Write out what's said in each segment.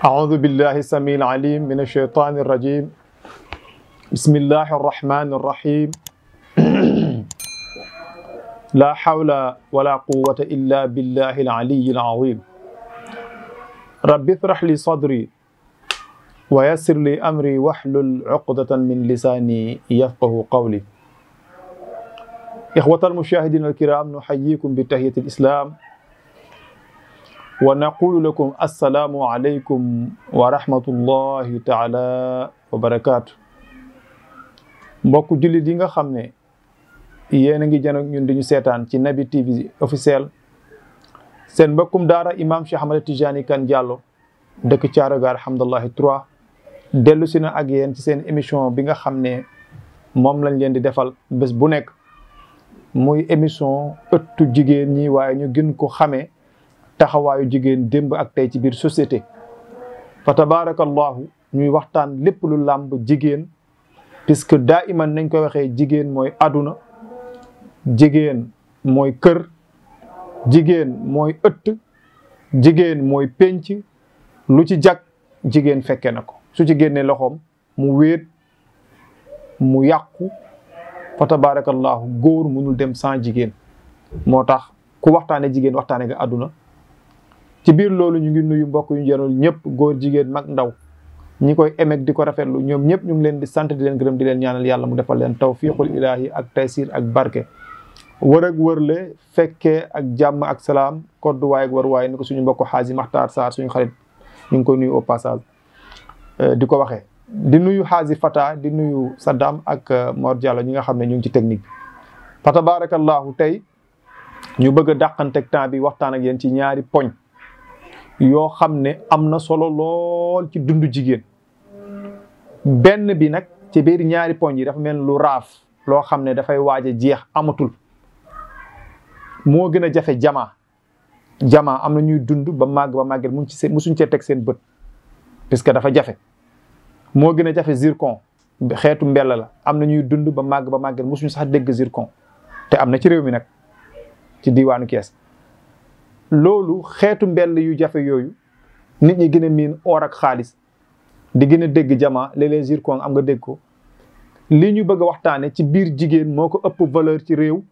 أعوذ بالله السميع العليم من الشيطان الرجيم بسم الله الرحمن الرحيم لا حول ولا قوة إلا بالله العلي العظيم رب اشرح لي صدري ويسر لي أمري واحلل عقدة من لساني يفقه قولي إخوة المشاهدين الكرام نحييكم بتحية الإسلام wa naqulu lakum assalaamu aleykum wa rahmatullahi taala wa barakaatu mbokk jullit yi nga xam ne yéen a ngi jën ak ñun di ñu seetaan ci Nabi TV officiel seen mbokkum daara imam Cheikh Ahmed kan Kane Diallo dëkk Thiaroye Hamdallahi 3 dellu si na ak yéen ci seen émission bi nga xam ne moom lañ leen di defal bés bu nekk muy émission ëttu jigéen ñi waaye ñu gën ko xamee taxawaayu jigéen démb ak tey ci biir société fa tabarakallahu ñuy waxtaan lépp lu làmb jigéen puisque daa iman nañ koy waxee jigéen mooy àdduna jigéen mooy kër jigéen mooy ëtt jigéen mooy penc lu ci jag jigéen fekke na ko su ci génnee loxoom mu wéet mu yàqu fa tabarakallahu góor mënul dem sans jigéen moo tax ku waxtaane jigéen waxtaane nga àdduna ci biir loolu ñu ngi nuyu mbokk yu jënul ñëpp góor jigéen mag ndaw ñi koy emek di ko rafetlu ñoom ñëpp ñu ngi leen di sant di leen gërëm di leen ñaanal yàlla mu defal leen tawfiqul ilaahi ak taysir ak barke wër ak fekke ak jàmm ak salaam kodd waay ak war waay ni ko suñu mbokk xaaji maxtaar saar suñu xarit ñu ngi koy nuyu au passage euh, di ko waxee di nuyu xaaji fata di nuyu saddam ak euh, Mor Diallo ñi nga xam ne ñu ngi ci technique bi fa tabarakallahu tey ñu bëgg a bi waxtaan ak yéen ci ñaari poñ yoo xam ne am na solo lool ci dundu jigéen benn bi nag ci biir ñaari poñ yi dafa mel lu raaf loo xam ne dafay waaj a jeex amatul moo gën a jafe jamaa jamaa am na ñuy dund ba màgg ba màgget mu ci seen musuñ cee teg seen bët puisque dafa jafe moo gën a jafe zircon xeetu mbell la am na ñuy dund ba màgg ba màgget musuñ sax dégg te am na ci réew mi nag ci diwaanu Kees loolu xeetu mbell yu jafe yooyu nit ñi gën a miin or xaalis di gën a dégg jamaa léeg-léeg zircon am nga dégg ko li ñu bëgg a waxtaane ci biir jigéen moo ko ëpp valeur ci réew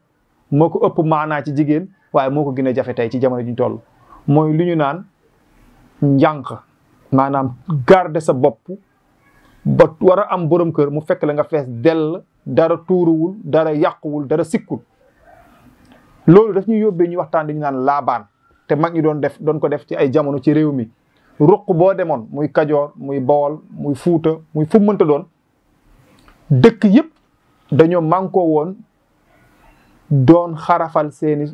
moo ko ëpp maanaa ci jigéen waaye moo ko gën jafe tey ci jamono ji ñu toll mooy lu ñu naan njànq maanaam garde sa bopp ba war a am borom kër mu fekk la nga fees dell dara tuuruwul dara yàquwul dara sikkul loolu daf ñu yóbbee ñu waxtaan ñu naan laabaan te mag ñi doon def doon ko def ci ay jamono ci réew mi ruq boo demoon muy kajoor muy bawol muy fuuta muy fu doon dëkk yëpp dañoo mànkoo woon doon xarafal seeni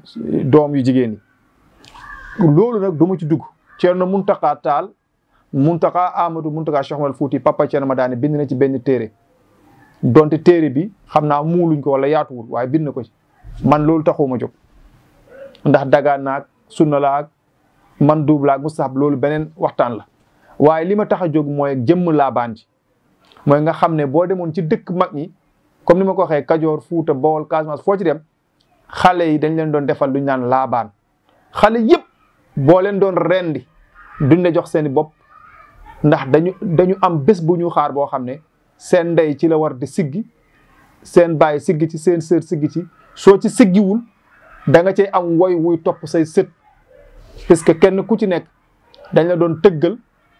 doom yu jigéen yi loolu nag du ci dugg Ceerno Muntaqa Taal Muntaqa Amadu Muntaqa Cheikh Umar Fuuti papa Ceerno Madani bind na ci benn téere donte téere bi xam naa muluñ ko wala yaatuwul waaye bind na ko ci man loolu taxuma jóg ndax dagaan naag sunna la man duub la ak saab loolu beneen waxtaan la waaye li ma tax a jóg mooy jëmm laabaan ji mooy nga xam ne boo demoon ci dëkk mag ñi comme ni ma ko waxee Kajoor Fuuta Bawol Casamance foo ci dem xale yi dañ leen doon defal lu ñu naan laabaan xale yëpp boo leen doon rendi duñ la jox seeni bopp ndax dañu dañu am bés bu ñu xaar boo xam ne seen ndey ci la war di siggi seen baay siggi ci seen sër siggi ci soo ci siggiwul da nga cay am woy wuy topp say sët que kenn ku ci nekk dañ la doon tëggal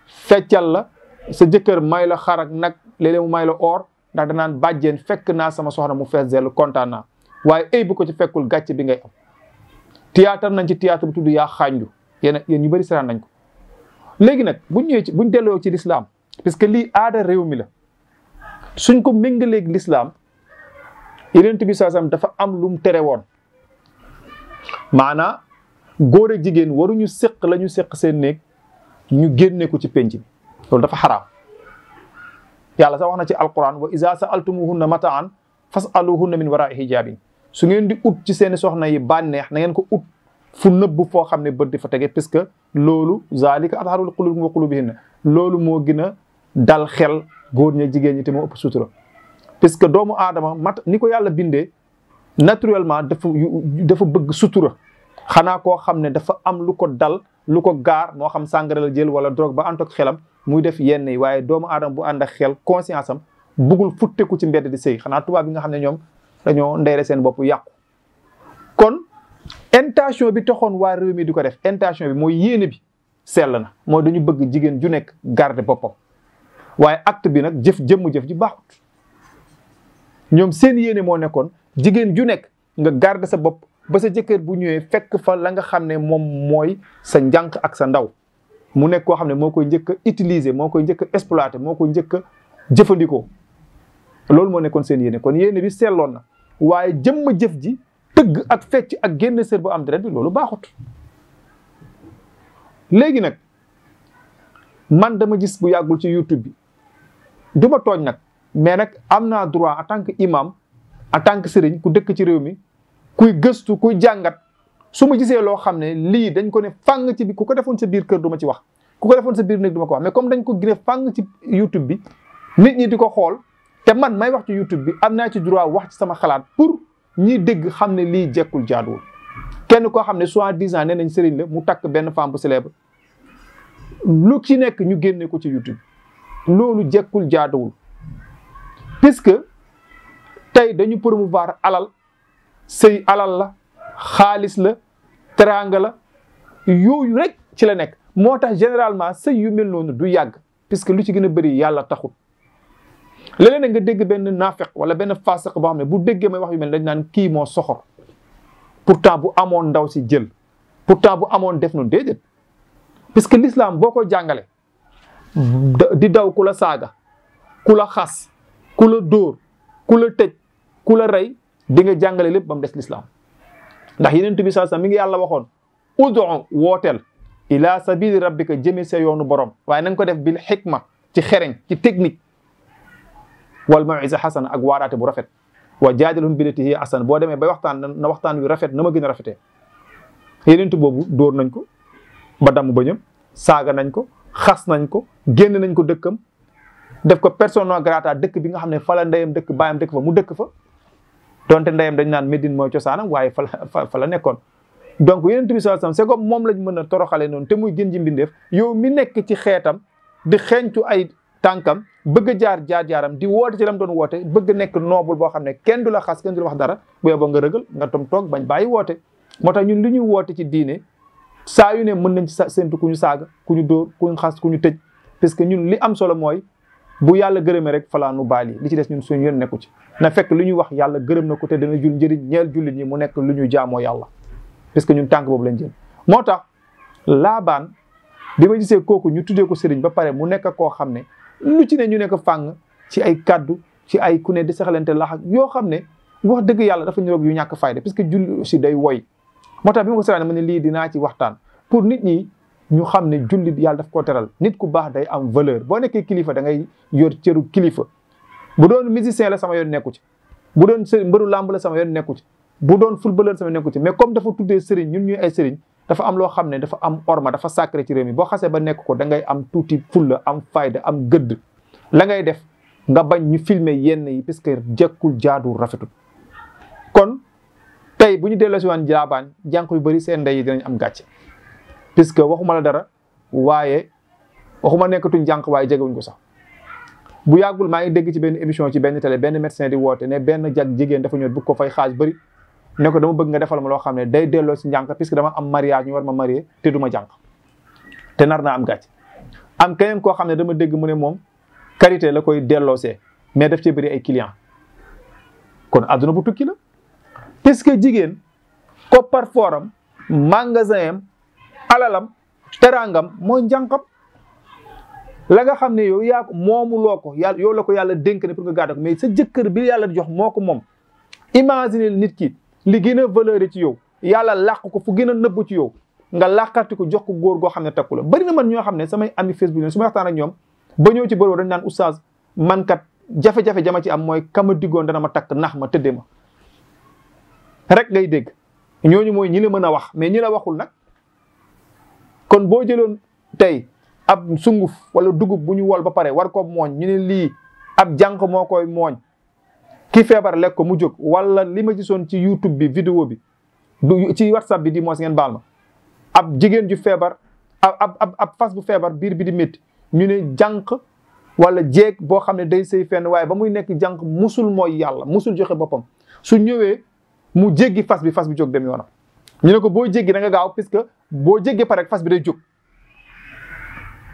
feccal la sa jëkkër may la xar nag léeg mu may la or ndax danaan bàjjeen fekk naa sama soxna mu fees dellu kontaan waaye ay bu ko ci fekkul gàcce bi ngay am. théâtre nañ ci théâtre bu tudd yaa xànju yéen ñu bëri saraan nañ ko léegi nag bu ñëwee ci buñ delloo ci lislaam que lii aada réew mi la suñ ko méngaleeg lislaam Yonent bi sallallahu alayhi dafa am lu mu tere woon. maanaa góor a jigéen waruñu séq la ñu séq seen néeg ñu génne ko ci penc bi loolu dafa xaraam yàlla sax wax na ci alquran wa iza sa'altumuhunna mataan fas'aluhunna min wara'i hijabin su ngeen di ut ci seeni soxna yi bànneex na ngeen ko ut fu nëbb foo xam ne bët di fa tege que loolu zalika atharul qulub wa qulubihinna loolu moo gën a dal xel góor ña jigéen ñi te moo ëpp sutura puisque doomu aadama ni ko yàlla bindee naturellement dafa dafa bëgg sutura xanaa koo xam ne dafa am lu ko dal lu ko gaar moo xam sàngara la jël wala drogue ba ànd ak xelam muy def yenn yi waaye doomu aadama bu ànd ak xel conscience am bëggul futteku ci mbedd di sëy xanaa tubaab bi nga xam ne ñoom dañoo ndeyre seen bopp yàqu kon intention bi taxoon waa réew mi di ko def intention bi mooy yéene bi sell na mooy dañu bëgg jigéen ju nekk garde boppam waaye acte bi nag jëf jëmm jëf ji baaxut ñoom seen yéene moo nekkoon jigéen ju nekk nga garde sa bopp ba sa jëkkër bu ñëwee fekk fa la nga xam ne moom mooy sa njànq ak sa ndaw mu nekk koo xam ne moo koy njëkk utiliser moo koy njëkk a moo koy njëkk jëfandikoo loolu moo nekkoon seen yéene kon yéene bi seetloon na waaye jëmm jëf ji tëgg ak fecc ak génn sër bu am deret bi loolu baaxut léegi nag man dama gis bu yàggul ci YouTube bi du tooñ nag mais nag am naa droit en tant que imam en tant que sëriñ ku dëkk ci réew mi kuy gëstu kuy jàngat su ma gisee loo xam ne lii dañ ko ne fàng ci bi ku ko defoon sa biir kër du ma ci wax ku ko defoon sa biir néeg du ma ko wax mais comme dañ ko gine fàng ci YouTube bi nit ñi di ko xool te man may wax ci YouTube bi am naa ci droit wax ci sama xalaat pour ñiy dégg xam ne lii jekkul jaaduwul kenn koo xam ne soi-disant nee nañ sëriñ la mu takk benn femme bu célèbre lu ci nekk ñu génne ko ci YouTube loolu jekkul jaaduwul puisque tey dañu promouvoir alal sëy alal la xaalis la teraanga la yooyu rek ci la nekk moo tax généralement sëy yu mel noonu du yàgg parce que lu ci gën a bëri yàlla taxul léeg-léeg nga dégg benn naafeq wala benn faasiq boo xam ne bu déggee may wax yu mel dañ naan kii moo soxor pourtant bu amoon ndaw si jël pourtant bu amoon def nu déedéet que l'islam boo ko jàngale di daw ku la saaga ku la xas ku la dóor ku la tëj ku la rey di nga jàngale lépp ba mu des lislaam ndax yeneen bi saa mi ngi yàlla waxoon udon wooteel ila sabili rabbika jëme sa yoonu borom waaye na ko def bil xikma ci xereñ ci technique wal mawisa xasana ak waaraate bu rafet wa jaadilhum billati hiya asan boo demee bay waxtaan na waxtaan wi rafet na ma gën a rafetee yeneen boobu dóor nañ ko ba damm bañam saaga nañ ko xas nañ ko génn nañ ko dëkkam def ko persona grata dëkk bi nga xam ne fa la dëkk baayam dëkk mu dëkk fa donte ndeyam dañ naan Médine mooy cosaanam waaye fa la fa la nekkoon donc yonent bi sallallahu alayhi moom lañ mën a toroxale noonu te muy gën ji mbindeef yow mi nekk ci xeetam di xeeñtu ay tànkam bëgg jaar jaar jaaram di woote ci lam doon woote bëgg nekk noobul boo xam ne kenn du la xas kenn du la wax dara bu yoboo nga rëgal nga tom toog bañ bàyyi woote moo tax ñun li ñuy woote ci diine saa yu ne mën nañ ci séntu ku ñu saaga ku ñu dóor ku ñu xas ku ñu tëj parce que ñun li am solo mooy bu yàlla gërëmee rek falaa nu baali li ci des ñun suñu yoon nekku ci na fekk lu ñuy wax yàlla gërëm na ko te dana jul njëriñ ñeel jullit ñi mu nekk lu ñu jaamoo yàlla parce que ñun tànk boobu lañ jël moo tax laabaan bi ma kooku ñu tuddee ko sëriñ ba pare mu nekk koo xam ne lu ci ne ñu nekk fànk ci ay kàddu ci ay ku ne di saxalante lax ak yoo xam ne wax dëgg yàlla dafa ñoroog yu ñàkk fayda parce que julli aussi day woy moo tax bi ma ko ne lii dinaa ci waxtaan nit ñi ñu xam ne jullit yàlla daf koo teral nit ku baax day am valeur boo nekkee kilifa da ngay yor cëru kilifa bu doon musicien la sama yoon nekku ci bu doon sëriñ mbëru làmb la sama nekku ci bu doon footballeur sama nekku ci mais comme dafa tuddee sëriñ ñun ñuy ay sëriñ dafa am loo xam ne dafa am orma dafa sacré ci réew mi boo xasee ba nekk ko da ngay am tuuti fulla am fayda am gëdd la ngay def nga bañ ñu filme yenn yi parce que jekkul jaadu rafetul kon tey bu ñu delloo si waan jaabaan jànq yu bëri seen ndey yi dañu am gàcce puisque waxuma la dara waaye waxuma nekkatuñ jànq waaye wuñ ko sax bu yàggul maa ngi dégg ci benn émission ci benn télé benn médecin di woote ne benn jag jigéen dafa ñëw bëgg ko fay xaaj bëri ne dama bëgg nga defal ma loo xam ne day delloo si njànq puisque dama am mariage ñu war ma marié te duma ma jànq te nar na am gàcc am keneen koo xam ne dama dégg mu ne moom karité la koy delloosee mais daf cee bëri ay client kon na bu tukki la puisque jigéen ko parforam magasin am alalam teraangam mooy njànqam la nga xam ne yow yaa ko moomu loo ko yàlla yow la ko yàlla dénk ne pour nga gàddu ko mais sa jëkkër bi yàlla jox moo ko moom imagine nit ki li gën a valeur ci yow yàlla làq ko fu gën a nëbb ci yow nga làqati ko jox ko góor goo xam ne takku la bari na man ñoo xam ne samay ami Facebook ñoom su ma waxtaan ak ñoom ba ñëw ci bërëb dañ naan oustaz man kat jafe-jafe jama ci am mooy kama diggoon dana ma takk nax ma tëddee ma rek ngay dégg ñooñu mooy ñi la mën a wax mais ñi la waxul nag kon boo jëloon tey ab sunguf wala dugub bu ñu wol ba pare war koo mooñ ñu ne lii ab jànq moo koy mooñ ki feebar lekk ko mu jóg wala li ma gisoon ci YouTube bi vidéo bi du ci WhatsApp bi di mos ngeen baal ma ab jigéen ju feebar ab ab fas bu feebar biir bi di métti ñu ne jànq walla jéeg boo xam ne day sëy fenn waaye ba muy nekk jànq musul mooy yàlla musul joxe boppam su ñëwee mu jéggi fas bi fas bi jóg dem yoonam ñu ne ko boo jéggi da gaaw parce que boo jéggee pare fas bi day jóg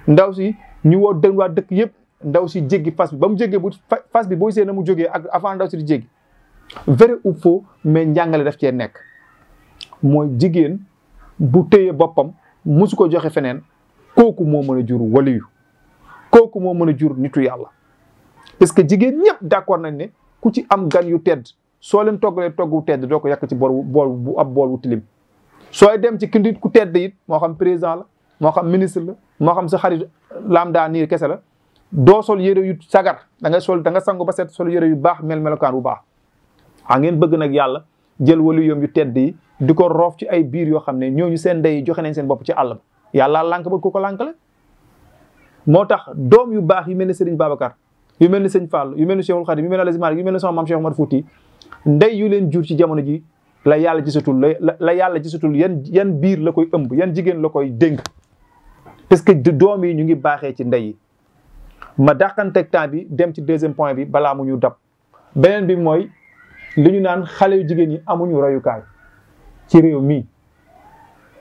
ndaw si ñu woo dën dëkk yëpp ndaw si jéggi fas bi ba mu jéggee bu fas bi boo see na mu jógee ak avant ndaw si di jéggi vrai ou faux mais njàngale daf cee nekk mooy jigéen bu téye boppam musu ko joxe feneen kooku moo mën a jur waliyu kooku moo mën a jur nitu yàlla parce que jigéen ñëpp d'accord nañ ne ku ci am gan yu tedd soo leen toggalee togg wu tedd doo ko yàq ci bool bool bu ab bool wu tilim sooy dem ci kindit ku tedd it moo xam président la moo xam ministre la moo xam sa xarit laam daa niir kese la doo sol yére yu sagar da ngay sol danga sangu ba set sol yére yu baax mel melokaan bu baax a ngeen bëgg nag yàlla jël walu yom yu tedd yi di ko roof ci ay biir yoo xam ne ñoo ñu seen ndey joxe nañ seen bopp ci àll ba yàlla lànk ba ku ko lànk la moo tax doom yu baax yu mel ni Serigne Babacar yu mel mel ni Cheikhul Khadim yu mel ni ndey yu leen jur ci jamono ji la yàlla gisatul la la yàlla gisatul yan yan biir la koy ëmb yan jigéen la koy dénk parce que doom yi ñu ngi baaxee ci ndey yi ma dàqanteeg temps bi dem ci deuxième point bi balaa mu ñu dab beneen bi mooy li ñu naan xale yu jigéen ñi amuñu royukaay ci réew mii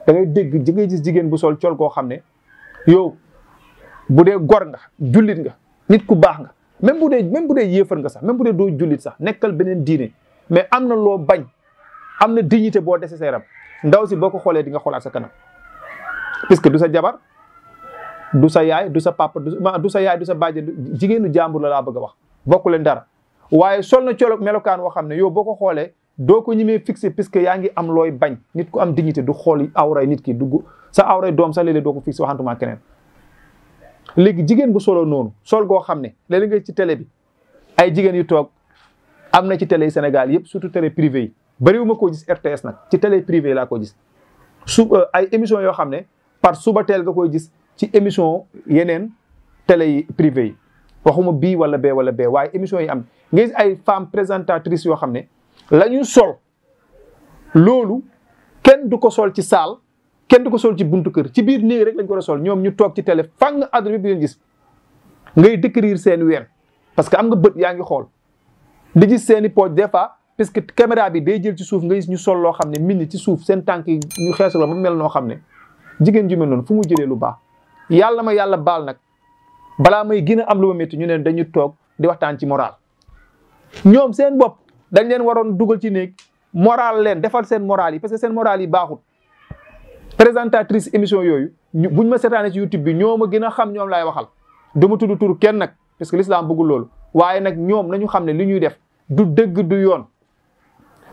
dangay ngay dégg da ngay gis jigéen bu sol col goo xam ne yow bu dee gor nga jullit nga nit ku baax nga même bu dee même bu dee yéefar nga sax même bu dee doo jullit sax nekkal beneen diine mais am na loo bañ am na dignité boo dese sa yaram ndaw si boo ko xoolee di nga xoolaat sa kanam puisque du sa jabar du sa yaay du sa papa du sa yaay du sa bàjjen jigéenu jàmbur la laa bëgg a wax bokku leen dara waaye sol na colo melokaan woo xam ne yow boo ko xoolee doo ko ñimee fixé que yaa ngi am looy bañ nit ku am dignité du xool awray nit ki dugg sa awray doom sax léeg doo ko fixé waxantumaa keneen léegi jigéen bu solo noonu sol goo xam ne léeg nga ci télé bi ay jigéen yu toog am na ci télé yi Sénégal yëpp surtout télé privé yi bëriwu ma koo gis RTS nag ci télé privé laa ko gis su euh, ay émission yoo xam ne par suba teel nga koy gis ci émission yeneen télé yi privé yi waxuma bii wala bee wala bee waaye émission yi am nga gis ay femmes présentatrices yoo xam ne la ñuy sol loolu kenn du ko sol ci saal kenn di ko sol ci buntu kër ci biir néeg rek lañ ko war a sol ñoom ñu toog ci télé fang àdduna bi leen gis ngay décrire seen ween parce que am nga bët yaa ngi xool di gis seen i pooj des fois parce que caméra bi day jël ci suuf nga gis ñu sol loo xam ne min ci suuf seen tànk yi ñu xeesu la ba mel noo xam ne jigéen ju mel noonu fu mu jëlee lu baax yàlla ma yàlla baal nag balaa may gën am lu ma métti ñu ne dañu toog di waxtaan ci moral ñoom seen bopp dañ leen waroon dugal ci néeg moral leen defal seen moral yi parce que seen moral yi baaxut présentatrice émission yooyu buñ ma seetaanee ci YouTube bi ñoo ma gën a xam ñoom laay waxal duma tudd tur kenn nag parce que l'islam bëggul loolu waaye nag ñoom nañu xam ne li ñuy def du dëgg du yoon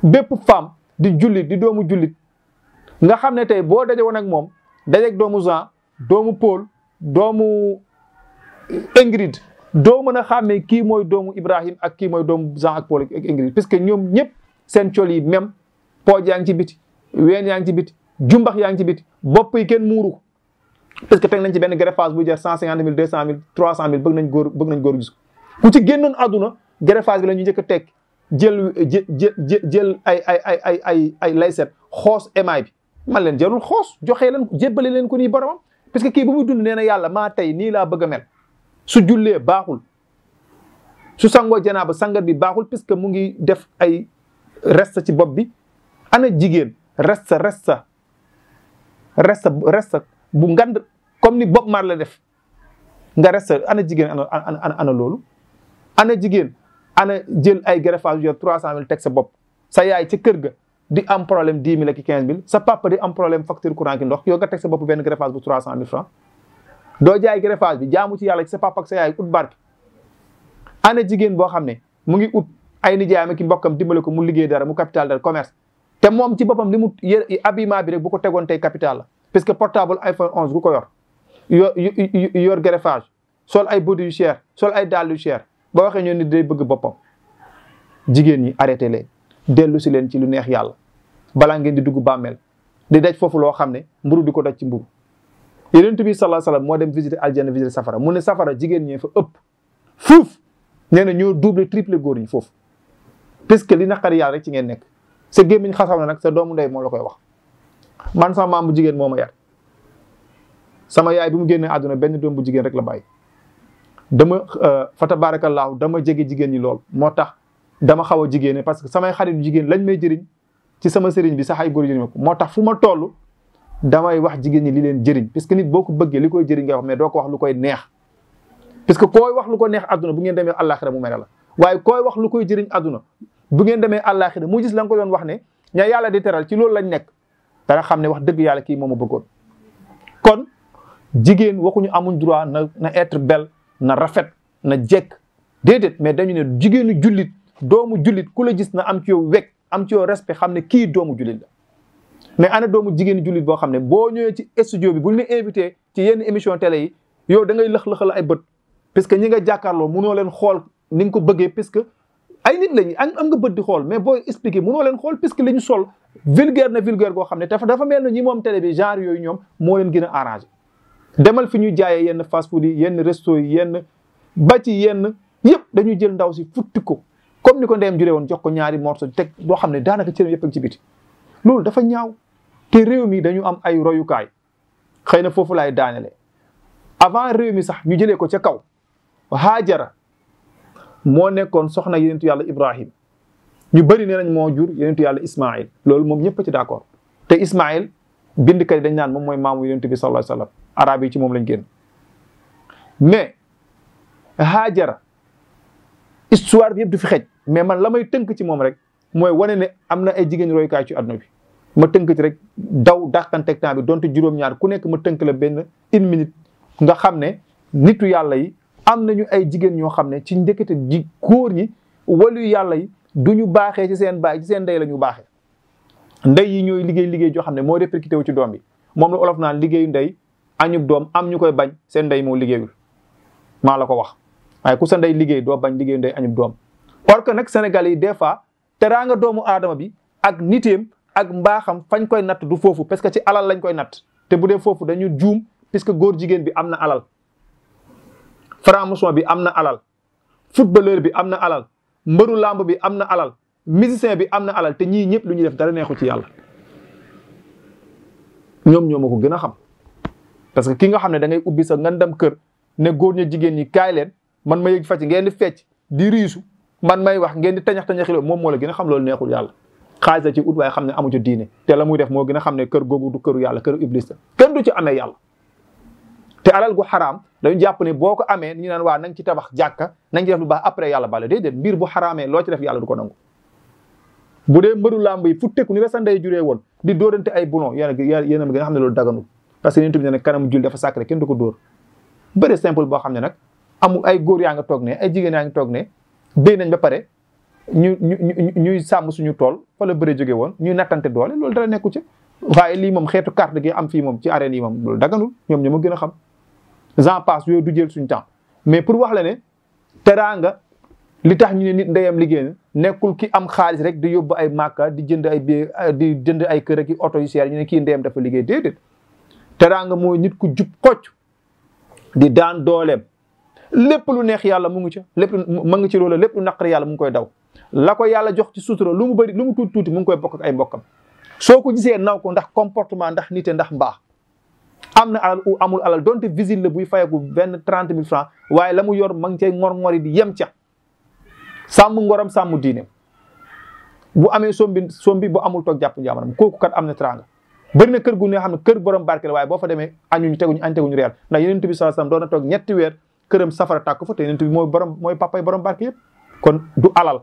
bépp femme di jullit di doomu jullit nga xam ne tey boo daje woon ak moom dajeeg doomu Jean doomu Paul doomu Ingrid doo mën a xàmmee kii mooy doomu Ibrahim ak kii mooy doomu Jean ak Paul ak Ingrid parce que ñoom ñëpp seen col yi même pooj yaa ngi ci biti ween yaa ngi ci biti jumbax yaa ngi ci biti bopp yi kenn muuru parce que teg nañ ci benn greffage bu jar cent cinquante mille deux cent mille trois cent mille bëgg nañ góor bëgg nañ góor gis ku ci génnoon àdduna greffage bi la ñu njëkk a teg jël jël jël ay ay ay ay ay ay layset xoos émaay bi man leen jarul xoos joxee leen jébbale leen ko nii boromam parce que kii ba muy dund nee na yàlla maa tey nii laa bëgg mel su jullee baaxul su sangoo janaaba sangat bi baaxul que mu ngi def ay resta ci bopp bi ana jigéen resta resta resta resta bu ngande comme ni Bob Marley la def nga resta ana jigéen ana ana ana loolu ana jigéen ana jël ay greffage yor trois cent mille teg a bopp sa yaay ci kër ga di am problème dix mille quinze mille sa papa di am problème facture courant ki ndox yow nga teg sa bopp benn greffage bu trois cent mille francs doo jaay bi jaamu ci yàlla ci sa papa ak sa yaay ut barke ana jigéen boo xam ne mu ngi ut ay nijaayam ak mbokkam dimbale ko mu liggéey dara mu capital dara commerce te moom ci boppam li mu yë habillement bi rek bu ko tegoon tey capital la parce que portable iPhone 11 bu ko yor yor yor greffage sol ay body yu cher sol ay dàll yu cher ba waxee ñoo ni day bëgg boppam jigéen ñi arrêté leen dellu si leen ci lu neex yàlla balaa ngeen di dugg bàmmeel di daj foofu loo xam ne mburu di ko daj ci mburu Yonent bi sallallahu alayhi moo dem visiter aljana visiter safara mu ne safara jigéen ñi fa ëpp fuuf nee na ñoo double triple góor ñi foofu parce que li naqari yàlla rek ci ngeen nekk sa gémmiñ xasam na nag sa doomu ndey moo la koy wax man sama maam bu jigéen moo ma yar sama yaay bi mu génnee àdduna benn doom bu jigéen rek la bàyyi dama euh, fa tabaarakallaahu dama jege jigéen ñi lool moo tax dama xaw a jigéene parce que samay xaritu jigéen lañ may jëriñ ci sama sëriñ bi sax ay góor jëriñ ko moo tax fu ma toll damay wax jigéen ñi li leen jëriñ parce que nit boo ko bëggee li koy jëriñ ngay wax mais doo ko wax lu koy neex parce que kooy wax lu ko neex àdduna bu ngeen demee àllaaxira mu mere la waaye kooy wax lu koy jëriñ àdduna bu ngeen demee àllaaxira mu gis la ko doon wax ne ñaa yàlla di teral ci loolu lañ nekk dana xam ne wax dëgg yàlla kii moom a bëggoon kon jigéen waxuñu amuñ droit na na être belle na rafet na jekk déedéet mais dañu ne jigéenu jullit doomu jullit ku la gis na am ci yow wekk am ci yow respect xam ne kii doomu jullit la mais ana doomu jigéenu jullit boo xam ne boo ñëwee ci studio bi buñ la invité ci yenn émission télé yi yow da ngay lëx-lëxal ay bët parce que ñi nga jàkkaarloo mënoo leen xool ni nga ko bëggee parce que ay nit lañu am nga bët di xool mais boo booy expliqué mënoo leen xool puisque li ñu sol vulgaire na vulgaire goo xam ne dafa dafa mel na ñi moom télé bi genre yooyu ñoom moo leen gën a arrangé demal fi ñuy jaayee yenn fast food yi yenn resto yi yenn ba ci yenn yëpp dañuy jël ndaw si futti ko comme ni ko ndeyam juree woon jox ko ñaari morceau teg boo xam ne daanaka cëram yëpp ak ci biti loolu dafa ñaaw te réew mi dañu am ay royukaay xëy na foofu laay daanele avant réew mi sax ñu jëlee ko ca kaw haajara moo nekkoon soxna yenentu yàlla Ibrahim ñu bëri nee nañ moo jur yenentu yàlla Ismaïl loolu moom ñëpp ci d'accord te Ismaïl bind kay dañ naan moom mooy maamu yenentu bi sallallahu alayhi wasallam arab yi ci moom lañ génn mais Haajara histoire bi yëpp du fi xej mais man la may tënk ci moom rek mooy wane ne am na ay jigéen royukaay ci adduna bi ma tënk ci rek daw dàqanteeg temps bi donte juróom-ñaar ku nekk ma tënk la benn une minute nga xam ne nitu yàlla yi am nañu ay jigéen ñoo xam ne ci ndekete ji góor ñi walu yàlla yi du ñu baaxee ci seen baay ci seen ndey la ñu baaxee ndey yi ñooy liggéey liggéey joo xam ne moo répercuté wu ci doom bi moom la olof naan liggéeyu ndey añub doom am ñu koy bañ seen ndey moo liggéeyul maa la ko wax waaye ku sa ndey liggéey doo bañ liggéeyu ndey añub doom or que nag Sénégalais yi des fois teraanga doomu aadama bi ak niteem ak mbaaxam fañ koy natt du foofu parce que ci alal lañ koy natt te bu dee foofu dañu juum puisque góor jigéen bi am na alal franc-maçon bi am na alal footballeur bi am na alal mbëru làmb bi am na alal musicien bi am na alal te ñii ñëpp lu ñuy def dara neexu ci yàlla ñoom ñoo ma ko gën a xam parce que ki nga xam ne da ngay ubbi sa ngan dem kër ne góor ñu jigéen ñi kaay leen man ma yëg fàcc ngeen di fecc di riisu man may wax ngeen di tañax tañaxi loolu moom moo la gën a xam loolu neexul yàlla xaalis la ci ut waaye xam ne amu ci diine te la muy def moo gën a xam ne kër googu du këru yàlla këru iblis la kenn du ci amee yàlla te alal gu xaraam dañu jàpp ne boo ko amee ñu naan waa na ci tabax jàkka na nga ci def lu baax après yàlla bale déedéet mbir loo ci def yàlla du ko nangu bu dee mbëru làmb yi fu tekku ni la sa juree woon di dóorante ay bulon yéen yéen a nga xam ne loolu daganul parce que yonent bi ne kanam jul dafa sacré kenn du ko boo xam ne nag amul ay góor yaa nga toog ne ay jigéen yaa ngi toog ne béy nañ ba pare ñu ñu ñuy sàmm suñu tool fa la bëre woon ñuy nattante doole loolu dara nekku ci waaye lii moom xeetu carte gi am fii moom ci arène yi moom loolu daganul ñoom ñoo ma gën a xam j'en passe yooyu du jël suñu temps mais pour wax la ne teraanga li tax ñu ne nit ndeyam liggéey na nekkul ki am xaalis rek di yóbbu ay màkka di jënd ay bie di jënd ay kër ak oto yu seer ñu ne kii ndeyam dafa liggéey déedéet teraanga mooy nit ku jub xocc di daan dooleem lépp lu neex yàlla mu ngi ca lépp mu ngi ci loola lépp lu naqari yàlla mu ngi koy daw la ko yàlla jox ci sutura lu mu bari lu mu tuuti tuuti mu ngi koy bokk ay mbokkam soo ko gisee naw ko ndax comportement ndax nite ndax mbaax am na alal ou amul alal donte visite la buy fayeku benn trente mille francs waaye la mu yor ma ngi cay ngor-ngori di yem ca sàmm ngoram sàmm diineem bu amee sombi sombi bu amul toog jàpp njaamanam kooku kat am na teraanga bëri na kër gu ne xam ne kër borom barke la waaye boo fa demee añuñu teguñu añ teguñu reer ndax Yonent bi sallallahu alayhi wasallam doon na toog ñetti weer këram safara tàkk fa te Yonent bi mooy borom mooy papay borom barke yëpp kon du alal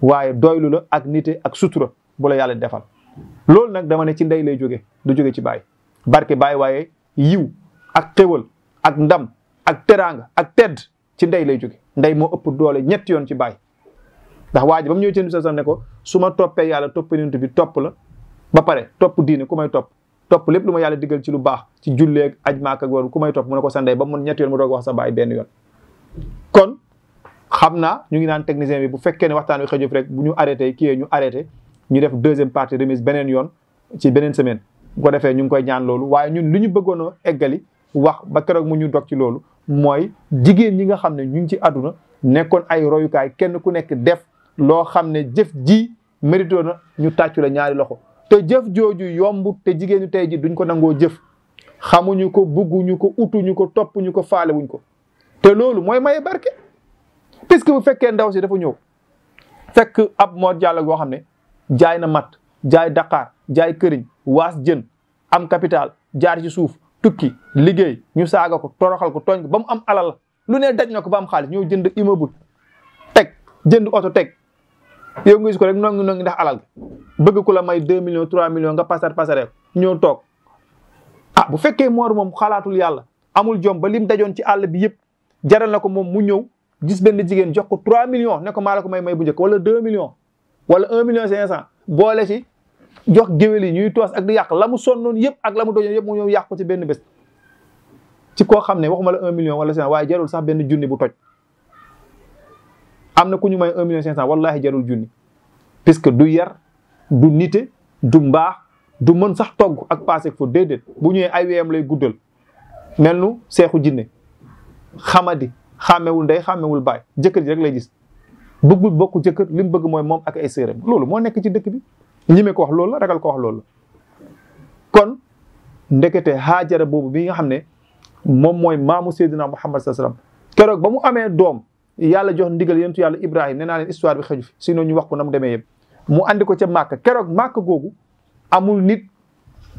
waaye doylu la ak nite ak sutura bu la yàlla defal loolu nag dama ne ci ndey lay jóge du jóge ci baay barke baay waaye yiw ak xéwal ak ndam ak teraanga ak tedd ci ndey lay jóge ndey moo ëpp doole ñetti yoon ci baay ndax waa ji ba mu ñëw ci yonent bi sax ko su ma toppee yàlla topp yonent bi topp la ba pare topp diine ku may topp topp lépp lu ma yàlla digal ci lu baax ci julleeg aj maak ak ku may topp mu ne ko sa ndey ba mu ñetti yoon mu doog wax sa baay benn yoon kon xam naa ñu ngi naan technicien bi bu fekkee ne waxtaan wi xëjëf rek bu ñu arrêté kii ñu arrêté ñu def deuxième partie remise beneen yoon ci beneen semaine bu ko defee ñu ngi koy ñaan loolu waaye ñun li ñu bëggoon eggali wax ba keroog mu ñu dog ci loolu mooy jigéen ñi nga xam ne ñu ngi ci àdduna nekkoon ay royukaay kenn ku nekk def loo xam ne jëf ji mérito na ñu tàccu la ñaari loxo te jëf jooju yomb te jigéen ñu tey ji duñ ko nangoo jëf xamuñu ko bugguñu ko utuñu ko toppuñu ko faalewuñ ko te loolu mooy maye barke puisque bu fekkee ndaw si dafa ñëw fekk ab moo jàll goo xam ne jaay na mat jaay daqaar jaay këriñ waas jën am capital jaar ci suuf tukki liggéey ñu saaga ko toroxal ko tooñ ko ba mu am alal lu ne daj na ko ba am xaalis ñëw jënd immeuble teg jënd oto teg yow nga gis ko rek nongi nongi ndax alal bëgg ku la may deux millions trois millions nga pasar pasaree ko ñëw toog ah bu fekkee moor moom xalaatul yàlla amul jom ba lim dajoon ci àll bi yëpp jaral na ko moom mu ñëw jis benn jigéen jox ko trois million ne ko ko may may bu njëkk wala deux millions wala un million cent boole ci jox géwél yi ñuy toos ak di yàq la mu sonnoon yëpp ak la mu dojoon yëpp mu ñëw yàq ko ci benn bés ci koo xam ne waxuma la un million wala cinq waaye jarul sax benn junni bu toj na ku ñu may un million cinq cent wallaahi jarul junni puisque du yar du nite du du mën sax togg ak passé fo déedéet bu ñëwee ay weyam lay guddal mel nu seexu jinne xamadi xàmmewul ndey xàmmewul baay jëkkër ji rek lay gis bëggul bokku jëkkër li mu bëgg mooy moom ak ay séeram loolu moo nekk ci dëkk bi ñime ko wax loolu la ragal ko wax loolu kon ndekete Haajara boobu bi nga xam ne moom mooy maamu Seydina Muhammad sallallahu alayhi wasallam keroog ba mu amee doom yàlla jox ndigal yantu yàlla Ibrahim nee naa leen histoire bi xëju fi sinon ñu wax ko na mu demee yëpp mu andi ko ca Màkka keroog Màkka googu amul nit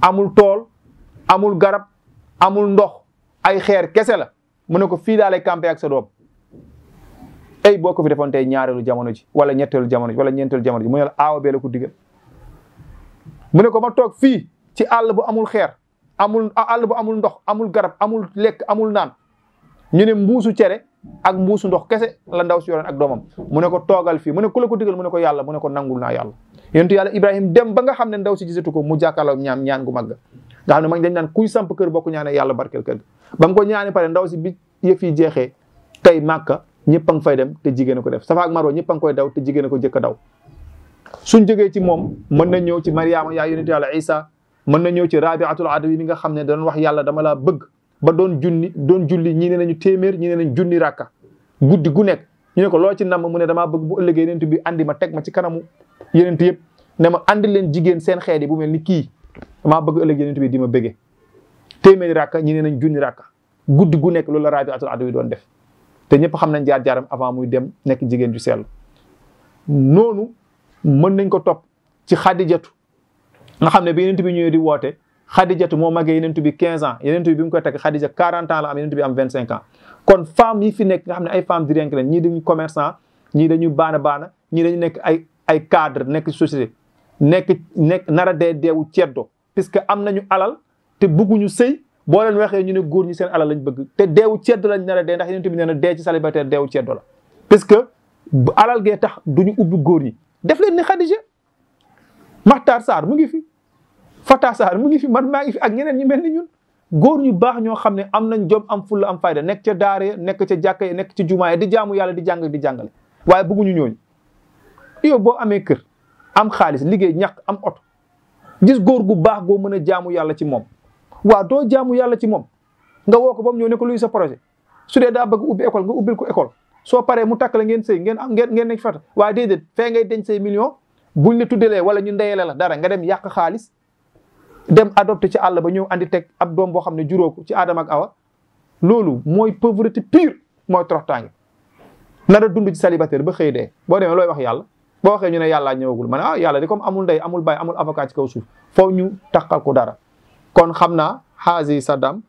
amul tool amul garab amul ndox ay xeer kese la mu ne ko fii daa lay campé ak sa doom ay boo ko fi defoon tey ñaareelu jamono ji wala ñetteelu jamono ji wala ñeenteelu jamono ji la aawa bee la mu ne ko ma toog fii ci àll bu amul xeer amul àll bu amul ndox amul garab amul lekk amul naan ñu ne mbuusu cere ak mbuusu ndox kese la ndaw si yoroon ak doomam mu ne ko toogal fii mu ne ku la ko digal mu ne ko yàlla mu ne ko nangul naa yàlla yontu yàlla ibrahim dem ba nga xam ne ndaw si gisatu ko mu jàkkaarloo ñaan ñaan gu màgg nga xam ne mag dañ kuy samp kër bokk ñaane yàlla barkeel kër ba mu ko ñaane pare ndaw si bi yëf jeexee tey màkka ñëpp a ngi fay dem te jigéen ko def safa ak marwa ñëpp a koy daw te jigéen ko jëkk daw suñ jógee ci moom mën na ñëw ci Mariama yaa yonent yàlla Isa mën na ñëw ci Rabiatul Adawi mi nga xam ne doon wax yàlla dama laa bëgg ba doon junni doon julli ñi ne nañu téeméer ñu ne nañ junni rakka guddi gu nekk ñu ne ko loo ci namm mu ne damaa bëgg bu ëllëgee bi andi teg ma ci kanamu yonent yëpp ne ma andi leen jigéen seen xeet yi bu mel ni kii damaa bëgg ëllëg yonent bi di ma bëggee téeméeri rakka ñi ne nañ junni rakka guddi gu nekk loolu la Rabiatul Adawi doon def te ñëpp xam nañ jaar jaaram avant muy dem nekk jigéen ju sell mën nañ ko topp ci xadijatu nga xam ne bi yenent bi ñëwee di woote xadijatu moo màggee yenent bi 15 ans yenent bi bi mu koy takk xadija 40 ans la am yenent bi am 25 ans kon femme yi fi nekk nga xam ne ay femme diriyanke lañ ñii dañu commerçant ñii dañu baana baana ñii dañu nekk ay ay cadre nekk société nekk nekk nara dee deewu ceddo puisque am nañu alal te bëgguñu sëy boo leen waxee ñu ne góor ñi seen alal lañ bëgg te deew ceddo lañ nara dee ndax yenent bi nee na dee ci célibataire deewu ceddo la puisque alal gee tax duñu ubbi góor ñi def leen ni Khadija Makhtar Sarr mu ngi fi Fata mu ngi fi man maa ngi fi ak ñeneen ñu mel ni ñun góor ñu baax ñoo xam ne am nañ jom am fulla am fayda nekk ca daare nekk ca jàkka yi nekk ci jumaa yi di jaamu yàlla di jàng di jàngale waaye bëgguñu ñooñu yow boo amee kër am xaalis liggéey ñàkk am oto gis góor gu baax goo mën a jaamu yàlla ci moom waa doo jaamu yàlla ci moom nga woo ko ba mu ñëw ne luy sa projet su dee daa bëgg ubbi école nga ubbil ko école soo paree mu takk la ngeen sëy ngeen ngeen ngeen nekk fata waaye déedéet fee ngay denc say million buñ la tuddalee wala ñu ndeyale la dara nga dem yàq xaalis dem adopté ci àll ba ñëw andi teg ab doom boo xam ne juróok ci Adama ak Awa loolu mooy pauvreté pure mooy toroxtaange na a dund ci célibataire ba xëy dee boo demee looy wax yàlla boo waxee ñu ne yàllaa ñëwagul ma ne ah yàlla de comme amul ndey amul baay amul avocat ci kaw suuf foo ñu takkal ko dara kon xam naa xaasi Saddam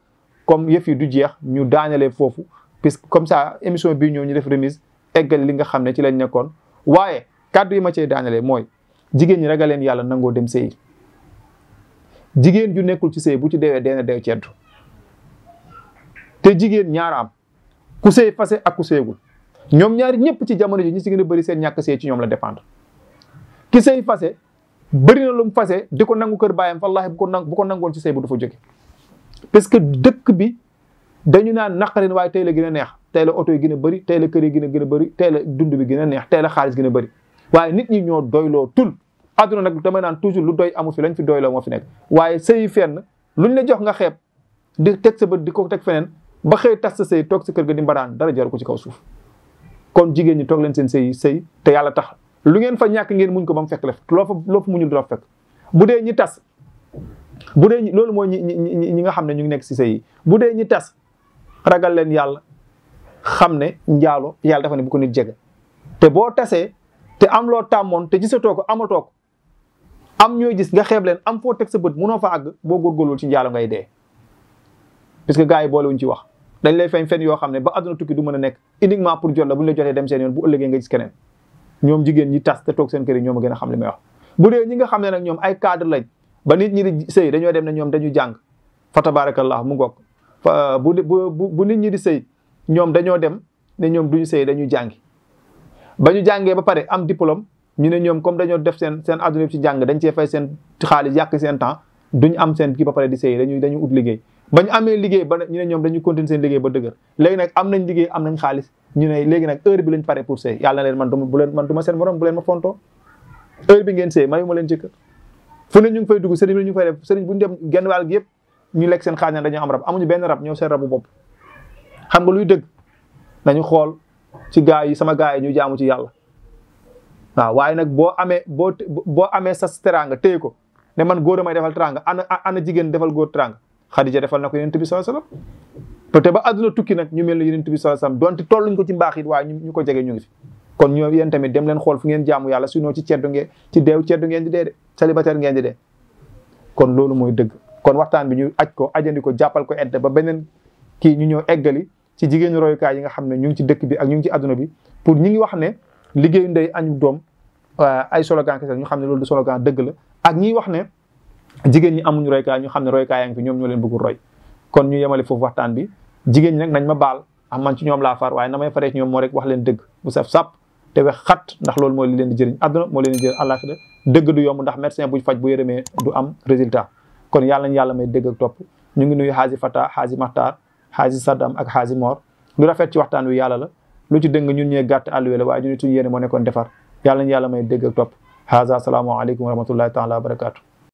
comme yëf yi du jeex ñu daañalee foofu puisque comme ça émission bii ñëw ñu def remise eggal li nga xam ne ci lañ nekkoon waaye kàddu yi ma cee daanelee mooy jigéen ñi ragaleen yàlla nangoo dem sëy jigéen ju nekkul ci sëy bu ci deewee deena deew ceddu te jigéen am ku sëy fase ak ku sëyagul ñoom ñaari ñëpp ci jamono ji ñi si gën bëri seen ñàkk sëy ci ñoom la dépendre ki sëy fase bëri na lu mu fase di ko nangu kër baayam wallahi bu ko nangu bu ko nangoon ci sëy bu du fa jóge parce que dëkk bi dañu naan naqarin waaye tey la gën a neex tey la oto yi gina a bëri tey la kër yi gën a gën a bëri tey dund bi gën a neex tey xaalis gën a bëri waaye nit ñi ñoo doyloo tul àdduna nag damay naan toujours lu doy amu fi lañ fi doyloo moo fi nekk waaye sëyi fenn lu ñu la jox nga xeeb di teg sa bët di ko teg feneen ba xëy tas sa sëy toog sa kër ga di mbaraan dara jaru ko ci kaw suuf kon jigéen ñi toog leen seen sëy sëy te yàlla tax lu ngeen fa ñàkk ngeen muñ ko ba fekk la loo fa loo fa muñul dara fekk bu dee ñi tas bu dee loolu mooy ñi nga xam ne ñu ngi nekk si sëy bu dee ñi tas ragal leen yàlla xam ne njaalo yàlla dafa ne bu ko nit jege te boo tasee te am loo tàmmoon te gisatoo ko amatoo ko am ñooy gis nga xeeb leen am foo teg sa bët munoo fa àgg boo góorgóorlu ci njaalo ngay dee. puisque gars yi boolewuñ ci wax dañ lay feeñ fen yoo xam ne ba àdduna tukki a nekk uniquement pour jot la bu ñu dem seen yoon bu ëllëgee nga gis keneen ñoom jigéen ñi tas te toog seen kër ñoom a gën a xam li may wax. bu dee ñi nga xam ne nag ñoom ay cadre lañ ba nit ñi di sëy dañoo dem ne ñoom dañu jàng fa tabarakallah mu ngoog bu bu bu nit ñi di sëy ñoom dañoo dem ne ñoom duñu sëy dañu jàngi ba ñu jàngee ba pare am diplôme ñu ne ñoom comme dañoo def seen seen adduna ci jàng dañ cee fay seen xaalis yàq seen temps ñu am seen kii ba pare di sëy dañuy ut liggéey ba ñu amee liggéey ba ñu ne ñoom dañu continuer seen liggéey ba dëgër léegi nag am nañ liggéey am nañ xaalis ñu ne léegi lañ pare pour sëy yàlla na leen man du leen man du ma seen morom bu leen ma fontoo heure bi ngeen sëy mayu ma bu ñu dem genn wàll yëpp ñu lekk seen xaaj ne dañoo am rab amuñu benn rab ñoo seen rabu bopp xam nga luy dëgg nañu xool ci gaa yi sama gaa yi ñu jaamu ci yàlla waaw waaye nag boo amee boo boo amee sa teraanga téye ko ne man góor may defal teraanga ana ana jigéen defal góor teraanga Xadija defal na ko Yonent bi sallallahu alayhi wasallam te ba àdduna tukki nag ñu mel ne Yonent bi sallallahu alayhi ko ci mbaax it waaye ñu ko jege ñu ngi fi kon ñoo yéen tamit dem leen xool fu ngeen jaamu yàlla sinon ci ceddu ngeen ci deew ceddu ngeen di dee de célibataire ngeen di dee kon loolu mooy dëgg kon waxtaan bi ñu aj ko ajandi ko jàppal ko edd ba beneen kii ñu ñëw eggali ci jigéenu royukaay yi nga xam ne ñu ngi ci dëkk bi ak ñu ngi ci àdduna bi pour ñi ngi wax ne liggéeyu ndey añu doom euh, ay slogan kese xam ne loolu du dëgg la ak ñiy wax ne jigéen ñi amuñu royukaay ñu xam ne royukaay yaa ngi fi ñoom ñoo leen bëggul roy kon ñu yemale foofu waxtaan bi jigéen ñi nag nañ ma baal am ah, man ci ñoom laa far waaye na may faree ci ñoom moo rek wax leen dëgg bu saf sàpp te wex xat ndax loolu moo leen di jëriñ àdduna moo leen di jëriñ àllaaxira dëgg du yomb ndax médecin buy faj bu yërëmee du am résultat kon yàlla nañu yàlla may dégg topp ñu ngi nuyu xaazi Fata xaazi Maxtaar xaazi Saddam ak xaazi Mor lu rafet ci waxtaan wi yàlla la lu ci dëng ñun ñee gàtt àlluwe la waaye ñu ne suñu yéene nekkoon defar yàlla nañu yàlla may dégg ak topp haaza salaamu aleykum wa rahmatullahi taala wa barakaatu